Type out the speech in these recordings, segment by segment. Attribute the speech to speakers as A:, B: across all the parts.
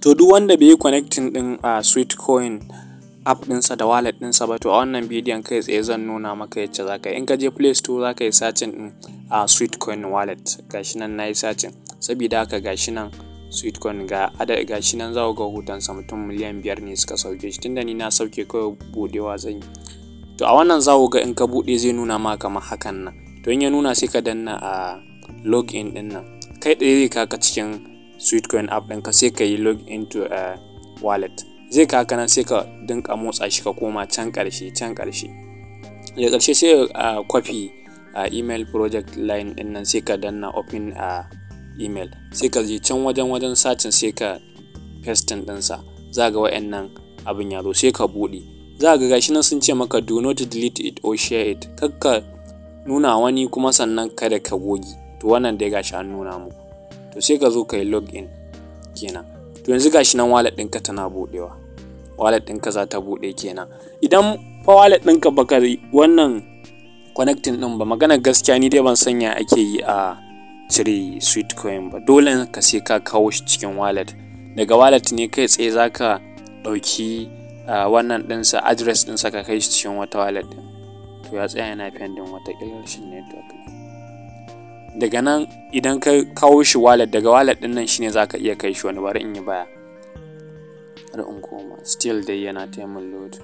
A: To, duk wanda bai yi connecting ɗin a ah, coin app ɗinsa da wallet ɗinsa ba, to a wannan bidiyon kai tsaye zan nuna maka yace zaka yi. In ka je Play Store za yi searching ɗin a ah, coin wallet. Gashi nan na yi searching. Sabida haka gashi nan coin ga ada gashi nan za ku ga sa mutum miliyan biyar ne suka sauke shi. Tunda ni na sauke kai buɗewa zan yi. To a wannan za ga in ka buɗe zai nuna ma kamar hakan nan. To in ya nuna sai ka danna a ah, login ɗin nan. Kai tsaye zai kaka ka cikin sweetcoin app ka sai ka yi log into a eh, wallet zai ka nan sai ka dinka motsa shi ka koma can ƙarshe can ƙarshe da ƙarshe sai a kwafi a email project line ɗin nan sai ka danna open a eh, email sai ka je can wajen wajen sacin sai ka pasting ɗinsa za ga nan abin ya zo sai ka buɗe za ga gashi nan sun ce maka do not delete it or share it kakka nuna wani kuma sannan kada ka goge to wannan dai gashi an nuna mu. to sai ka zo ka yi log in kenan to yanzu gashi nan wallet ɗinka tana buɗewa wallet ɗinka za ta buɗe kenan idan fa wallet ɗinka baka wannan connecting ɗin ba magana gaskiya ni dai ban sanya ake yi a cire sweet coin ba dole ka sai ka kawo shi cikin wallet daga wallet ne kai tsaye za ka ɗauki wannan ɗinsa address ɗinsa ka kai shi cikin wata wallet ɗin to ya tsaya yana pending wata ƙilar shi network daga nan idan ka kawo shi wallet daga wallet din nan shine zaka iya kai shi wani bari in yi baya har in koma still dai yana taimun load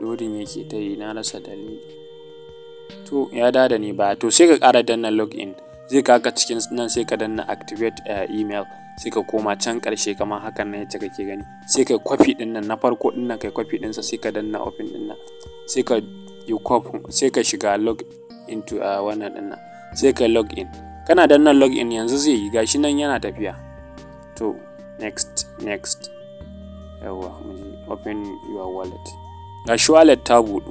A: loading yake ta yi na rasa dalili to ya dada ni baya to sai ka kara danna login zai kaka cikin nan sai ka danna activate eh, email sai ka koma can karshe kamar hakan nan yacce kake gani sai ka kwafi din nan na farko din nan kai kwafi din sa sai ka danna open din nan sai ka yi sai ka shiga log into a uh, wannan din nan sai ka log in kana danna log in yanzu zai yi gashi nan yana tafiya to next next yawa open your wallet gashi wallet ta buɗu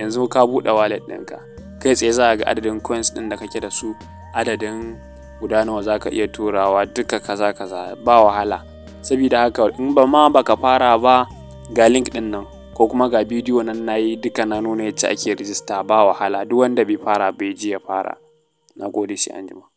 A: yanzu ka buɗe wallet ɗinka kai tsaye za ga adadin coins ɗin da kake da su adadin guda nawa za ka iya turawa duka kaza kaza ba wahala sabida haka in ba ma baka fara ba ga link ɗin nan ko kuma ga bidiyo nan na yi duka na nuna yacce ake rijista ba wahala duk wanda bai fara bai ji ya fara na gode sai anjima